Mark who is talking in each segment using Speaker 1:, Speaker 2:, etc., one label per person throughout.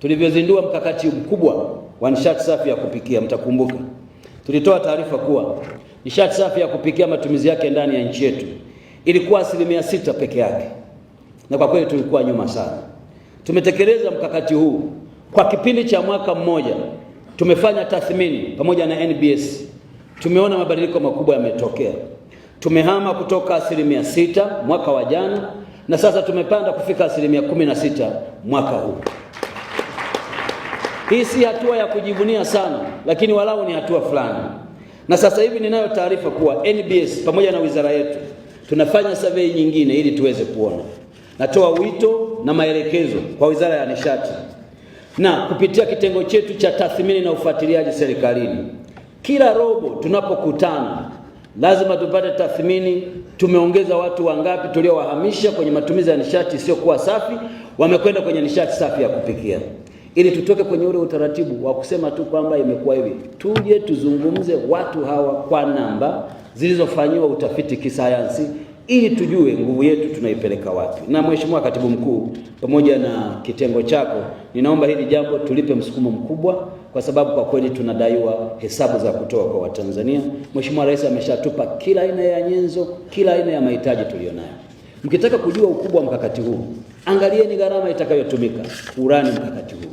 Speaker 1: Tulivyozindua mkakati mkubwa wa nishati safi ya kupikia, mtakumbuka tulitoa taarifa kuwa nishati safi ya kupikia matumizi yake ndani ya nchi yetu ilikuwa asilimia sita peke yake, na kwa kweli tulikuwa nyuma sana. Tumetekeleza mkakati huu kwa kipindi cha mwaka mmoja, tumefanya tathmini pamoja na NBS, tumeona mabadiliko makubwa yametokea. Tumehama kutoka asilimia sita mwaka wa jana na sasa tumepanda kufika asilimia kumi na sita mwaka huu. Hii si hatua ya kujivunia sana, lakini walau ni hatua fulani. Na sasa hivi ninayo taarifa kuwa NBS pamoja na wizara yetu tunafanya survey nyingine ili tuweze kuona. Natoa wito na maelekezo kwa Wizara ya Nishati na kupitia kitengo chetu cha tathmini na ufuatiliaji serikalini, kila robo tunapokutana lazima tupate tathmini. Tumeongeza watu wangapi tuliowahamisha kwenye matumizi ya nishati isiyokuwa safi, wamekwenda kwenye nishati safi ya kupikia ili tutoke kwenye ule utaratibu wa kusema tu kwamba imekuwa hivi, tuje tuzungumze watu hawa kwa namba zilizofanyiwa utafiti kisayansi, ili tujue nguvu yetu tunaipeleka wapi. Na Mheshimiwa Katibu Mkuu, pamoja na kitengo chako, ninaomba hili jambo tulipe msukumo mkubwa, kwa sababu kwa kweli tunadaiwa hesabu za kutoa kwa Watanzania. Mheshimiwa Rais ameshatupa kila aina ya nyenzo, kila aina ya mahitaji tuliyonayo. Mkitaka kujua ukubwa wa mkakati huu, angalieni gharama itakayotumika kurani mkakati huu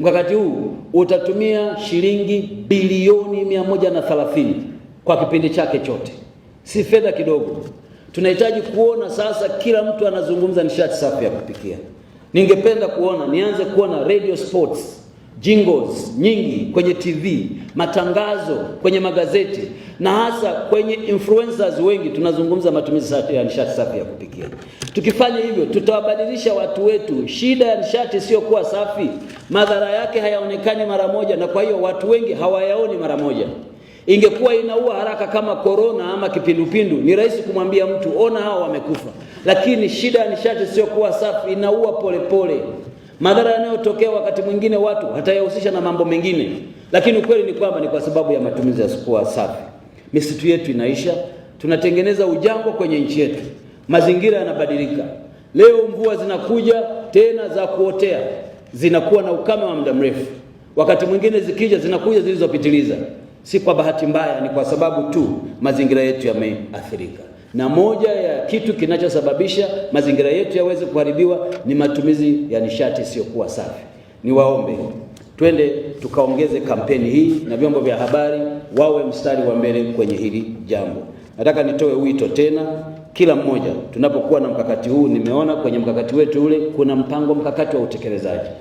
Speaker 1: Mkakati huu utatumia shilingi bilioni mia moja na thelathini kwa kipindi chake chote, si fedha kidogo. Tunahitaji kuona sasa kila mtu anazungumza nishati safi ya kupikia. Ningependa kuona nianze kuona radio sports jingles nyingi kwenye TV, matangazo kwenye magazeti, na hasa kwenye influencers wengi tunazungumza matumizi ya nishati safi ya kupikia. Tukifanya hivyo, tutawabadilisha watu wetu. Shida ya nishati isiyokuwa safi, madhara yake hayaonekani mara moja, na kwa hiyo watu wengi hawayaoni mara moja. Ingekuwa inaua haraka kama korona ama kipindupindu, ni rahisi kumwambia mtu ona, hao wamekufa, lakini shida ya nishati isiyokuwa safi inaua polepole pole. Madhara yanayotokea wakati mwingine watu hatayahusisha na mambo mengine, lakini ukweli ni kwamba ni kwa sababu ya matumizi ya sukua safi. Misitu yetu inaisha, tunatengeneza ujango kwenye nchi yetu, mazingira yanabadilika. Leo mvua zinakuja tena za kuotea, zinakuwa na ukame wa muda mrefu. Wakati mwingine zikija zinakuja zilizopitiliza. Si kwa bahati mbaya, ni kwa sababu tu mazingira yetu yameathirika na moja ya kitu kinachosababisha mazingira yetu yaweze kuharibiwa ni matumizi ya nishati isiyokuwa safi. Niwaombe twende tukaongeze kampeni hii na vyombo vya habari wawe mstari wa mbele kwenye hili jambo. Nataka nitoe wito tena, kila mmoja tunapokuwa na mkakati huu, nimeona kwenye mkakati wetu ule kuna mpango mkakati wa utekelezaji.